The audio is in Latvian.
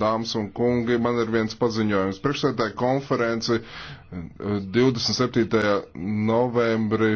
dāmas un kungi, man ir viens paziņojums. Priekšsēdētāja konferenci eh, 27. novembrī